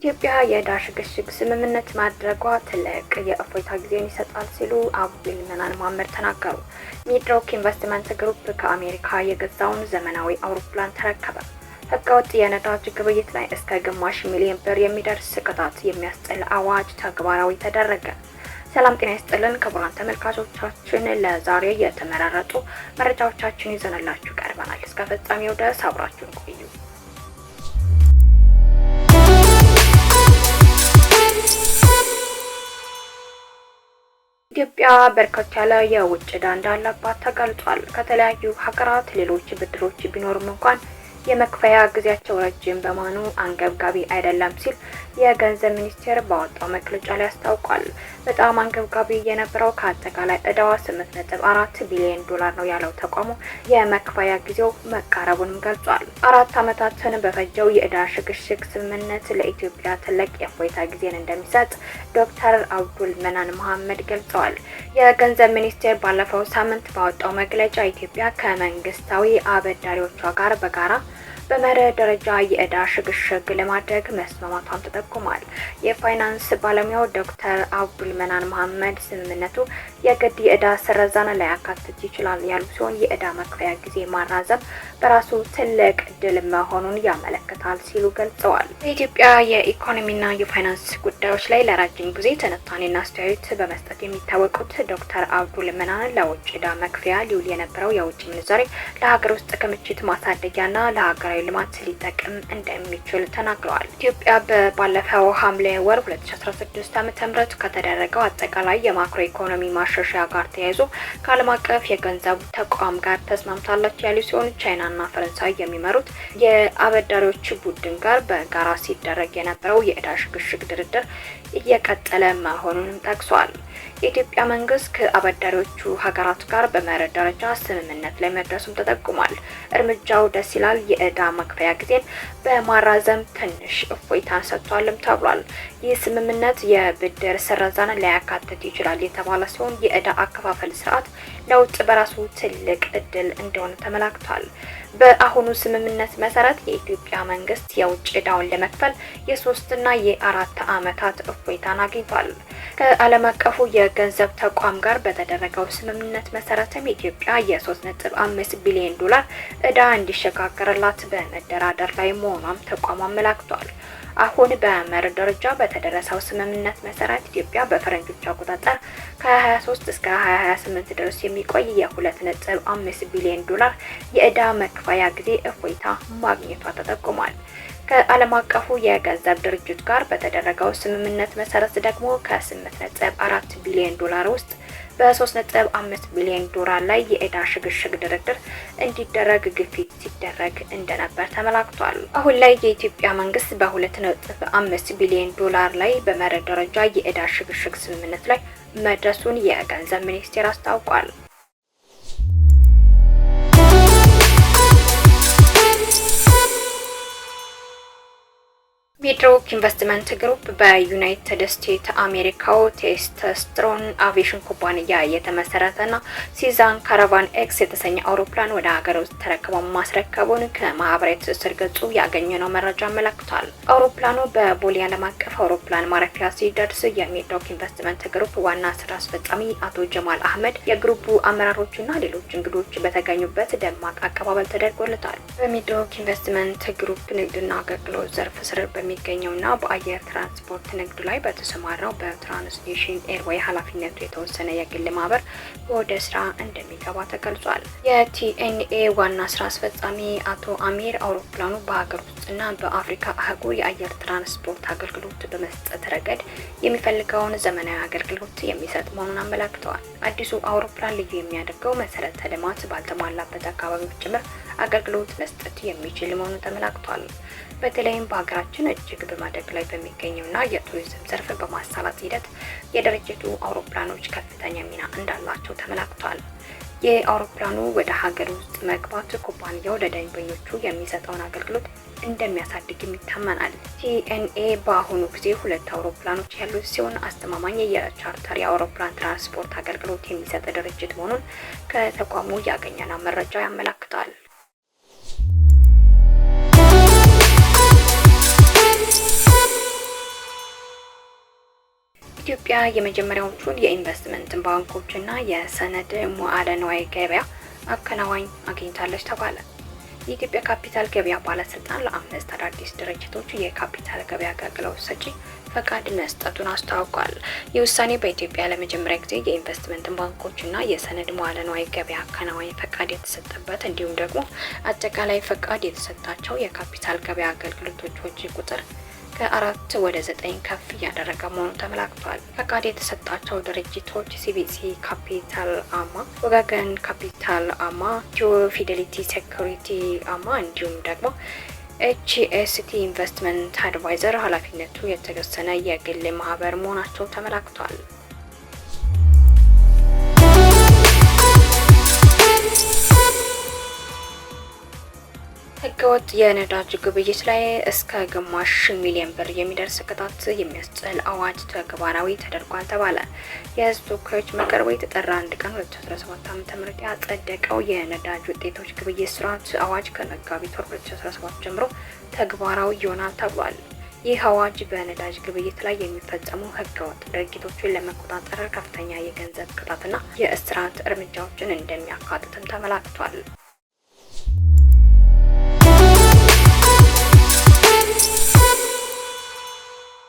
ኢትዮጵያ የዳሽ ሽግሽግ ስምምነት ማድረጓ ትልቅ የእፎይታ ጊዜን ይሰጣል ሲሉ መናን ማመር ተናገሩ። ሚድሮክ ኢንቨስትመንት ግሩፕ ከአሜሪካ የገዛውን ዘመናዊ አውሮፕላን ተረከበ። ህገወጥ የነዳጅ ግብይት ላይ እስከ ግማሽ ሚሊዮን ብር የሚደርስ ቅጣት የሚያስጥል አዋጅ ተግባራዊ ተደረገ። ሰላም ጤና ይስጥልን ክቡራን ተመልካቾቻችን፣ ለዛሬ የተመራረጡ መረጃዎቻችን ይዘንላችሁ ቀርበናል። እስከ ፍጻሜው ድረስ አብራችሁን ቆዩ። ኢትዮጵያ በርከት ያለ የውጭ ዕዳ እንዳለባት ተገልጿል። ከተለያዩ ሀገራት ሌሎች ብድሮች ቢኖርም እንኳን የመክፈያ ጊዜያቸው ረጅም በመሆኑ አንገብጋቢ አይደለም ሲል የገንዘብ ሚኒስቴር ባወጣው መግለጫ ላይ አስታውቋል። በጣም አንገብጋቢ የነበረው ከአጠቃላይ ዕዳዋ 8.4 ቢሊዮን ዶላር ነው ያለው ተቋሙ የመክፈያ ጊዜው መቃረቡንም ገልጿል። አራት ዓመታትን በፈጀው የእዳ ሽግሽግ ስምምነት ለኢትዮጵያ ትልቅ የእፎይታ ጊዜን እንደሚሰጥ ዶክተር አብዱል መናን መሐመድ ገልጸዋል። የገንዘብ ሚኒስቴር ባለፈው ሳምንት ባወጣው መግለጫ ኢትዮጵያ ከመንግስታዊ አበዳሪዎቿ ጋር በጋራ በመርህ ደረጃ የእዳ ሽግሽግ ለማድረግ መስማማቷን ተጠቁሟል። የፋይናንስ ባለሙያው ዶክተር አብዱል መናን መሐመድ ስምምነቱ የግድ የእዳ ስረዛን ሊያካትት ይችላል ያሉ ሲሆን የእዳ መክፈያ ጊዜ ማራዘም በራሱ ትልቅ ድል መሆኑን ያመለክታል ሲሉ ገልጸዋል። በኢትዮጵያ የኢኮኖሚና የፋይናንስ ጉዳዮች ላይ ለረጅም ጊዜ ትንታኔና አስተያየት በመስጠት የሚታወቁት ዶክተር አብዱል መናን ለውጭ እዳ መክፈያ ሊውል የነበረው የውጭ ምንዛሬ ለሀገር ውስጥ ክምችት ማሳደጊያና ለሀገራዊ ለሀገራዊ ልማት ሊጠቅም እንደሚችል ተናግረዋል። ኢትዮጵያ በባለፈው ሐምሌ ወር 2016 ዓ.ም ከተደረገው አጠቃላይ የማክሮ ኢኮኖሚ ማሻሻያ ጋር ተያይዞ ከዓለም አቀፍ የገንዘብ ተቋም ጋር ተስማምታለች ያሉ ሲሆን ቻይናና ፈረንሳይ የሚመሩት የአበዳሪዎች ቡድን ጋር በጋራ ሲደረግ የነበረው የእዳ ሽግሽግ ድርድር እየቀጠለ መሆኑንም ጠቅሷል። የኢትዮጵያ መንግስት ከአበዳሪዎቹ ሀገራት ጋር በመርህ ደረጃ ስምምነት ላይ መድረሱም ተጠቁሟል። እርምጃው ደስ ይላል። የእዳ መክፈያ ጊዜን በማራዘም ትንሽ እፎይታን ሰጥቷልም ተብሏል። ይህ ስምምነት የብድር ስረዛን ሊያካትት ይችላል የተባለ ሲሆን የእዳ አከፋፈል ስርዓት ለውጥ በራሱ ትልቅ እድል እንደሆነ ተመላክቷል። በአሁኑ ስምምነት መሰረት የኢትዮጵያ መንግስት የውጭ ዕዳውን ለመክፈል የሶስትና የአራት ዓመታት እፎይታን አግኝቷል። ከዓለም አቀፉ የገንዘብ ተቋም ጋር በተደረገው ስምምነት መሰረትም ኢትዮጵያ የ3.5 ቢሊዮን ዶላር ዕዳ እንዲሸጋገርላት በመደራደር ላይ መሆኗም ተቋሙ አመላክቷል። አሁን በመርህ ደረጃ በተደረሰው ስምምነት መሰረት ኢትዮጵያ በፈረንጆች አቆጣጠር ከ 23 እስከ 28 ድረስ የሚቆይ የ2.5 ቢሊዮን ዶላር የዕዳ መክፈያ ጊዜ እፎይታ ማግኘቷ ተጠቁሟል። ከዓለም አቀፉ የገንዘብ ድርጅት ጋር በተደረገው ስምምነት መሰረት ደግሞ ከ8.4 ቢሊዮን ዶላር ውስጥ በ3.5 ቢሊዮን ዶላር ላይ የዕዳ ሽግሽግ ድርድር እንዲደረግ ግፊት ሲደረግ እንደነበር ተመላክቷል። አሁን ላይ የኢትዮጵያ መንግስት በ2.5 ቢሊዮን ዶላር ላይ በመርህ ደረጃ የዕዳ ሽግሽግ ስምምነት ላይ መድረሱን የገንዘብ ሚኒስቴር አስታውቋል። ሚድሮክ ኢንቨስትመንት ግሩፕ በዩናይትድ ስቴትስ አሜሪካው ቴስተስትሮን አቪሽን ኩባንያ የተመሰረተና ሲዛን ካራቫን ኤክስ የተሰኘ አውሮፕላን ወደ ሀገር ውስጥ ተረክቦ ማስረከቡን ከማህበራዊ ትስስር ገጹ ያገኘነው መረጃ አመላክቷል። አውሮፕላኑ በቦሌ ዓለም አቀፍ አውሮፕላን ማረፊያ ሲደርስ የሚድሮክ ኢንቨስትመንት ግሩፕ ዋና ስራ አስፈጻሚ አቶ ጀማል አህመድ፣ የግሩፑ አመራሮችና ሌሎች እንግዶች በተገኙበት ደማቅ አቀባበል ተደርጎለታል። በሚድሮክ ኢንቨስትመንት ግሩፕ ንግድና አገልግሎት ዘርፍ ስር በሚ በሚገኘውና በአየር ትራንስፖርት ንግዱ ላይ በተሰማራው በትራንስኔሽን ኤርዌይ ኃላፊነቱ የተወሰነ የግል ማህበር ወደ ስራ እንደሚገባ ተገልጿል። የቲኤንኤ ዋና ስራ አስፈጻሚ አቶ አሚር አውሮፕላኑ በሀገር ውስጥና በአፍሪካ አህጉር የአየር ትራንስፖርት አገልግሎት በመስጠት ረገድ የሚፈልገውን ዘመናዊ አገልግሎት የሚሰጥ መሆኑን አመላክተዋል። አዲሱ አውሮፕላን ልዩ የሚያደርገው መሰረተ ልማት ባልተሟላበት አካባቢዎች ጭምር አገልግሎት መስጠት የሚችል መሆኑን ተመላክቷል። በተለይም በሀገራችን እጅግ በማደግ ላይ በሚገኘውና የቱሪዝም ዘርፍ በማሳላት ሂደት የድርጅቱ አውሮፕላኖች ከፍተኛ ሚና እንዳላቸው ተመላክቷል። የአውሮፕላኑ ወደ ሀገር ውስጥ መግባት ኩባንያው ለደንበኞቹ የሚሰጠውን አገልግሎት እንደሚያሳድግ ይታመናል። ቲኤንኤ በአሁኑ ጊዜ ሁለት አውሮፕላኖች ያሉት ሲሆን አስተማማኝ የቻርተር የአውሮፕላን ትራንስፖርት አገልግሎት የሚሰጥ ድርጅት መሆኑን ከተቋሙ ያገኘነው መረጃ ያመላክታል። በኢትዮጵያ የመጀመሪያዎቹን የኢንቨስትመንት ባንኮችና የሰነድ መዋዕለ ንዋይ ገበያ አከናዋኝ አግኝታለች ተባለ። የኢትዮጵያ ካፒታል ገበያ ባለስልጣን ለአምስት አዳዲስ ድርጅቶች የካፒታል ገበያ አገልግሎት ሰጪ ፈቃድ መስጠቱን አስታውቋል። ይህ ውሳኔ በኢትዮጵያ ለመጀመሪያ ጊዜ የኢንቨስትመንት ባንኮችና የሰነድ መዋዕለ ንዋይ ገበያ አከናዋኝ ፈቃድ የተሰጠበት እንዲሁም ደግሞ አጠቃላይ ፈቃድ የተሰጣቸው የካፒታል ገበያ አገልግሎቶች ቁጥር ከአራት ወደ ዘጠኝ ከፍ እያደረገ መሆኑ ተመላክቷል። ፈቃድ የተሰጣቸው ድርጅቶች ሲቢሲ ካፒታል አማ፣ ወጋገን ካፒታል አማ፣ ጂኦ ፊደሊቲ ሴኩሪቲ አማ እንዲሁም ደግሞ ኤችኤስቲ ኢንቨስትመንት አድቫይዘር ኃላፊነቱ የተወሰነ የግል ማህበር መሆናቸው ተመላክቷል። ህገወጥ የነዳጅ ግብይት ላይ እስከ ግማሽ ሚሊዮን ብር የሚደርስ ቅጣት የሚያስጥል አዋጅ ተግባራዊ ተደርጓል ተባለ። የህዝብ ተወካዮች ምክር ቤት ጥር አንድ ቀን 2017 ዓ.ም ያጸደቀው የነዳጅ ውጤቶች ግብይት ስርዓት አዋጅ ከመጋቢት ወር 2017 ጀምሮ ተግባራዊ ይሆናል ተብሏል። ይህ አዋጅ በነዳጅ ግብይት ላይ የሚፈጸሙ ህገወጥ ድርጊቶችን ለመቆጣጠር ከፍተኛ የገንዘብ ቅጣትና የእስራት እርምጃዎችን እንደሚያካትትም ተመላክቷል።